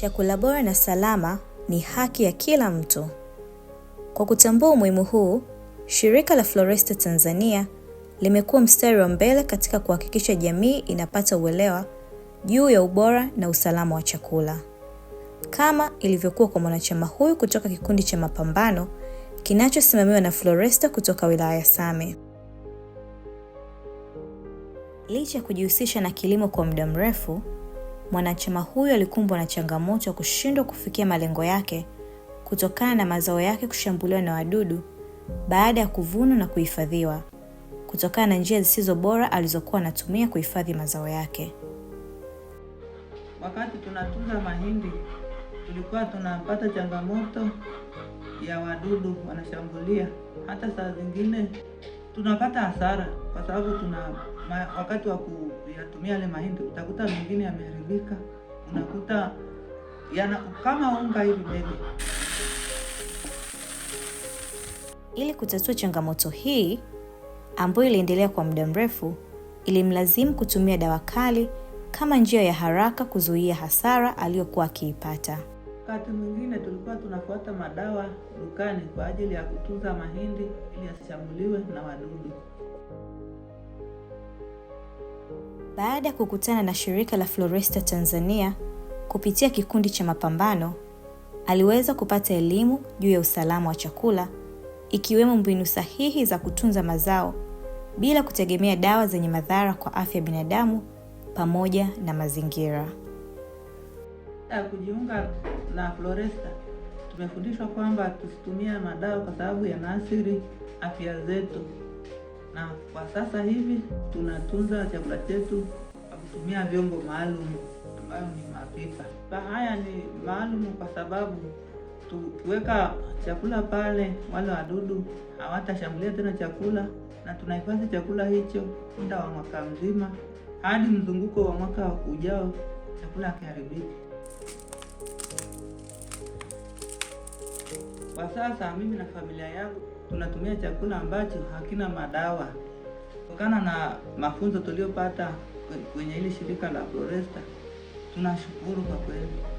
Chakula bora na salama ni haki ya kila mtu. Kwa kutambua umuhimu huu, Shirika la Floresta Tanzania limekuwa mstari wa mbele katika kuhakikisha jamii inapata uelewa juu ya ubora na usalama wa chakula. Kama ilivyokuwa kwa mwanachama huyu kutoka kikundi cha mapambano kinachosimamiwa na Floresta kutoka wilaya ya Same. Licha ya kujihusisha na kilimo kwa muda mrefu, mwanachama huyo alikumbwa na changamoto ya kushindwa kufikia malengo yake kutokana na mazao yake kushambuliwa na wadudu baada ya kuvunwa na kuhifadhiwa kutokana na njia zisizo bora alizokuwa anatumia kuhifadhi mazao yake. Wakati tunatunza mahindi, tulikuwa tunapata changamoto ya wadudu wanashambulia, hata saa zingine tunapata hasara kwa sababu tuna wakati wa kuyatumia yale mahindi utakuta mengine yameharibika, unakuta yana kama unga hivi bebe. Ili kutatua changamoto hii ambayo iliendelea kwa muda mrefu, ilimlazimu kutumia dawa kali kama njia ya haraka kuzuia hasara aliyokuwa akiipata. Wakati mwingine tulikuwa tunafuata madawa dukani kwa ajili ya kutunza mahindi ili yasichambuliwe na wadudu. Baada ya kukutana na shirika la Floresta Tanzania kupitia kikundi cha mapambano, aliweza kupata elimu juu ya usalama wa chakula ikiwemo mbinu sahihi za kutunza mazao bila kutegemea dawa zenye madhara kwa afya ya binadamu pamoja na mazingira. ya Kujiunga na Floresta tumefundishwa kwamba tusitumia madawa kwa sababu yanaathiri afya zetu na kwa sasa hivi tunatunza chakula chetu kwa kutumia vyombo maalum ambayo ni mapipa. Haya ni maalum kwa sababu tukiweka chakula pale, wale wadudu hawatashambulia tena chakula, na tunahifadhi chakula hicho muda wa mwaka mzima hadi mzunguko wa mwaka ujao, chakula kiharibiki. Kwa sasa mimi na familia yangu tunatumia chakula ambacho hakina madawa. Kutokana na mafunzo tuliyopata kwenye hili shirika la Floresta tunashukuru kwa kweli.